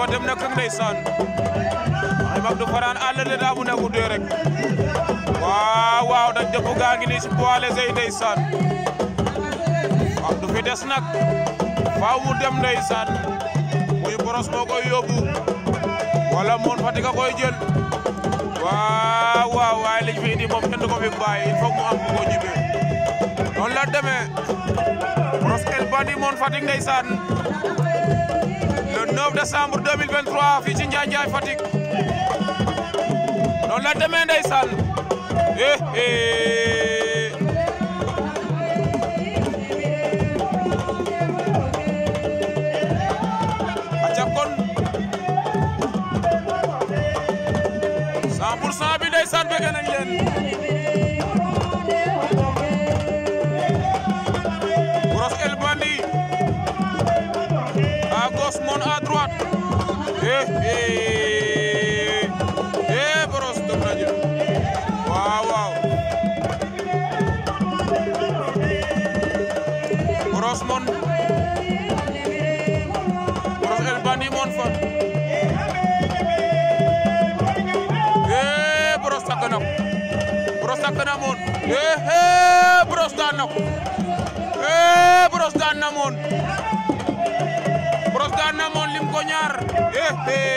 ba dem na kër ndeysaan ay mag du faraan àll de daa bu nekku dee rek waaw da dañ dëpp gaa ngi nii si poids léger yi ndeysaan waaw du fi des nag faaw mu dem ndeysaan muy boros moo yóbbu wala moon Fatick a koy jël waaw waaw waaye liñ moom kenn du ko fi mu am bu ko ñibbee la demee boros El Bandit moon Fatick ndeysaan décembre 2023 Njaay Njaay Fatick noonu la demee ndeysaan eh eh aca kon 100 pour cent bi ndeysaan bëgg leen à droite. Eh, eh, eh, Bross dóor Waaw waaw. Bross mon. Bross El Bandit fa. Eh, Bross takk na ko. Bross takk na mon. Eh, eh, Bross daan na ko. Eh, Bross daan na mon. soñar. Este